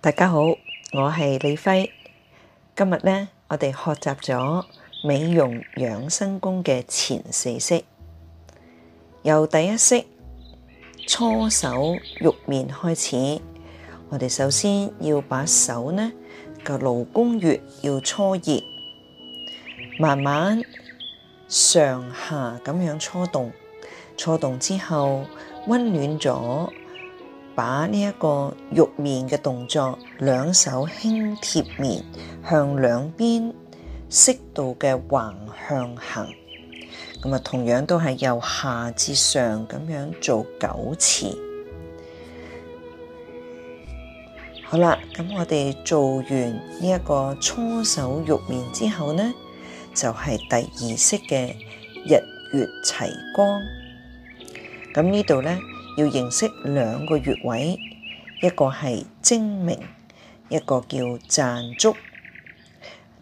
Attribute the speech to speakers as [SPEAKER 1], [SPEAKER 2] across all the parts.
[SPEAKER 1] 大家好，我係李輝。今日咧，我哋學習咗美容養生功嘅前四式，由第一式搓手浴面開始。我哋首先要把手咧個勞宮穴要搓熱，慢慢上下咁樣搓動，搓動之後溫暖咗。把呢一個浴面嘅動作，兩手輕貼面，向兩邊適度嘅橫向行，咁啊，同樣都係由下至上咁樣做九次。好啦，咁我哋做完呢一個搓手浴面之後呢，就係、是、第二式嘅日月齊光。咁呢度呢。要認識兩個穴位，一個係睛明，一個叫攢竹。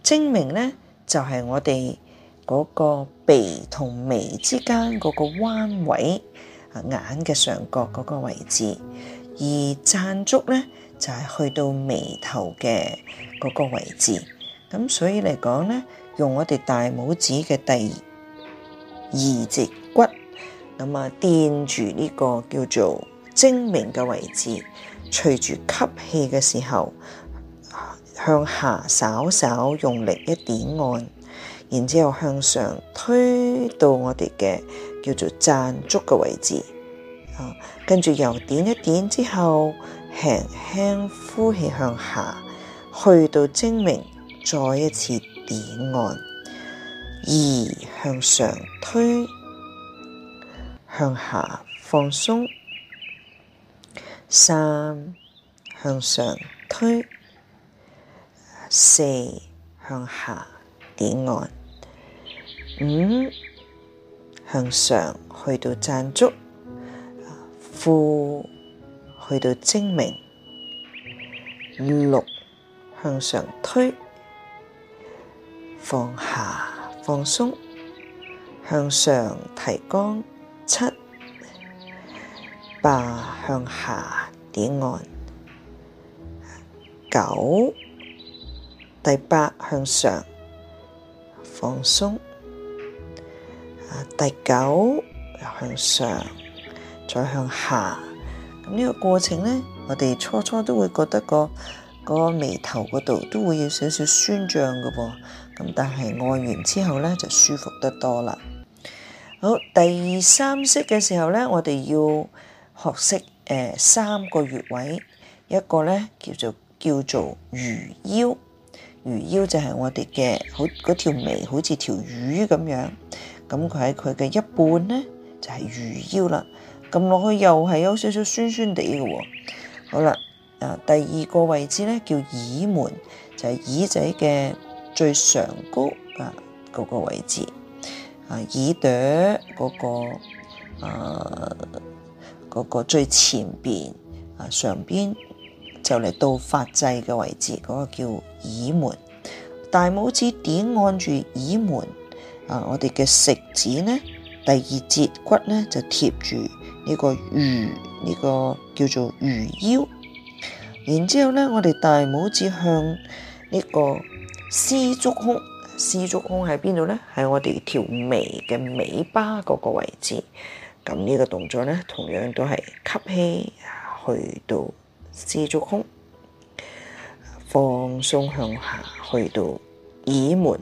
[SPEAKER 1] 睛明咧就係我哋嗰個鼻同眉之間嗰個彎位，眼嘅上角嗰個位置；而攢竹咧就係去到眉頭嘅嗰個位置。咁所以嚟講咧，用我哋大拇指嘅第二節。咁啊，掂住呢個叫做精明嘅位置，隨住吸氣嘅時候，向下稍稍用力一點按，然之後向上推到我哋嘅叫做攢竹嘅位置，啊，跟住又點一點之後，輕輕呼氣向下去到精明，再一次點按，而向上推。向下放鬆，三向上推，四向下點按，五向上去到攢竹，腹去到睛明，六向上推，放下放鬆，向上提肛。七、八向下點按，九，第八向上放鬆，啊，第九向上再向下。咁呢個過程咧，我哋初初都會覺得、嗰個、嗰個眉頭嗰度都會有少少酸脹㗎噃，咁但係按完之後咧就舒服得多啦。好，第三式嘅時候咧，我哋要學識誒、呃、三個穴位，一個咧叫做叫做魚腰，魚腰就係我哋嘅好嗰條眉好似條魚咁樣，咁佢喺佢嘅一半咧就係、是、魚腰啦，撳落去又係有少少酸酸地嘅、哦。好啦，啊第二個位置咧叫耳門，就係、是、耳仔嘅最上高啊嗰個位置。啊，耳朵嗰個，啊，嗰個最前邊啊上邊，就嚟到髮際嘅位置，嗰、嗰個叫耳門。大拇指點按住耳門，啊，我哋嘅食指呢，第二節骨呢就貼住呢個魚，呢、呢個叫做魚腰。然之後呢，我哋大拇指向呢個絲竹空。絲竹空喺邊度咧？喺我哋條眉嘅尾巴嗰個位置。咁呢個動作咧，同樣都係吸氣去到絲竹空，放鬆向下去到耳門。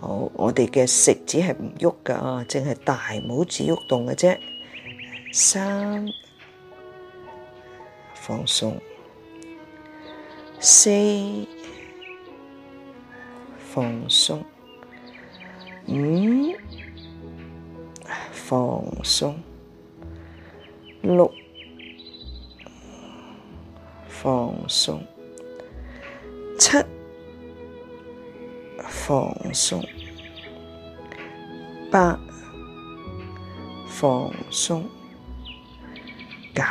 [SPEAKER 1] 好，我哋嘅食指係唔喐噶啊，淨係大拇指喐動嘅啫。三，放鬆。四。放鬆，五放鬆，六放鬆，七放鬆，八放鬆，九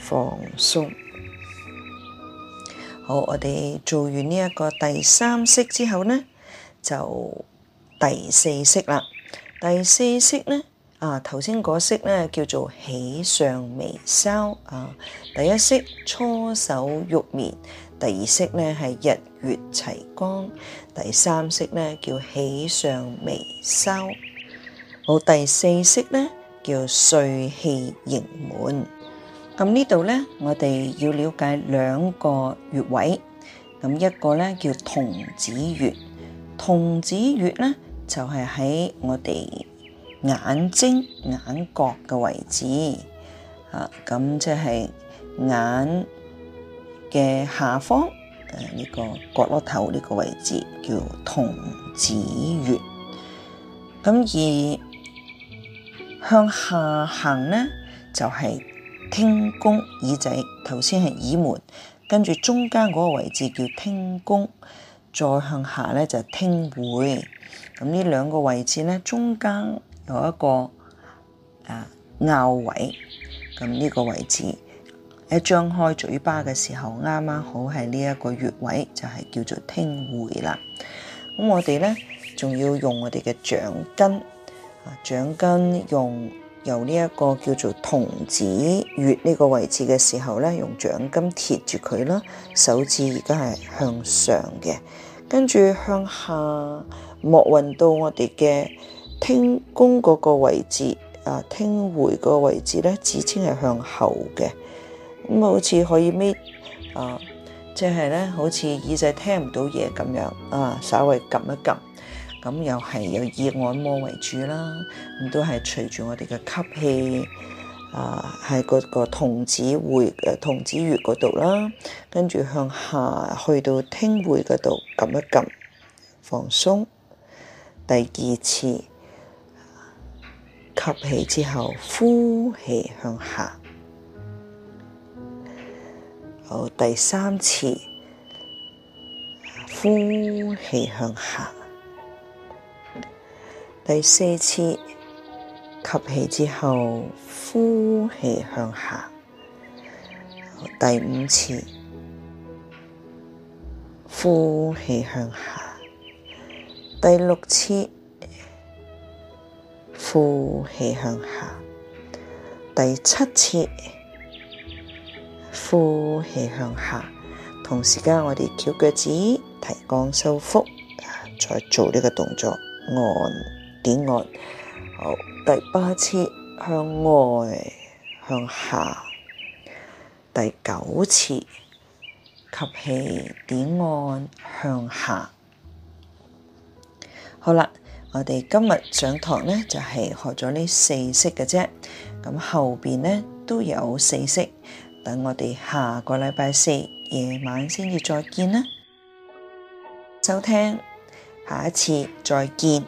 [SPEAKER 1] 放鬆。好，我哋做完呢一個第三式之後咧，就第四式啦。第四式咧，啊頭先嗰式咧叫做喜上眉梢啊，第一式搓手玉面，第二式咧係日月齊光，第三式咧叫喜上眉梢，好，第四式咧叫瑞氣盈滿。咁呢度咧，我哋要了解兩個穴位，咁一個咧叫瞳子穴，瞳子穴咧就係、是、喺我哋眼睛眼角嘅位置，啊，咁即係眼嘅下方誒呢、這個角落頭呢個位置叫瞳子穴，咁而向下行咧就係、是。聽宮，耳仔頭先係耳門，跟住中間嗰個位置叫聽宮，再向下咧就聽會。咁呢兩個位置咧，中間有一個啊凹位，咁呢個位置一張開嘴巴嘅時候，啱啱好係呢一個穴位，就係叫做聽會啦。咁我哋咧仲要用我哋嘅掌根，啊掌根用。由呢一個叫做童子穴呢個位置嘅時候咧，用掌根貼住佢啦，手指而家係向上嘅，跟住向下莫運到我哋嘅聽宮嗰個位置，啊聽回個位置咧，指尖係向後嘅，咁、嗯、好似可以搣，啊？即係咧，好似耳仔聽唔到嘢咁樣啊，稍微撳一撳。咁又係要以按摩為主啦，咁都係隨住我哋嘅吸氣，啊、呃，喺嗰個童子會、童子穴嗰度啦，跟住向下去到聽會嗰度撳一撳，放鬆。第二次吸氣之後，呼氣向下。好，第三次呼氣向下。第四次吸氣之後，呼氣向下。第五次呼氣向下。第六次呼氣向下。第七次呼氣向下。同時間我哋翹腳趾，提肛收腹，再做呢個動作按。點按，好，第八次向外向下，第九次吸氣點按向下，好啦，我哋今日上堂咧就係、是、學咗呢四式嘅啫。咁後邊咧都有四式，等我哋下個禮拜四夜晚先至再見啦，收聽下一次再見。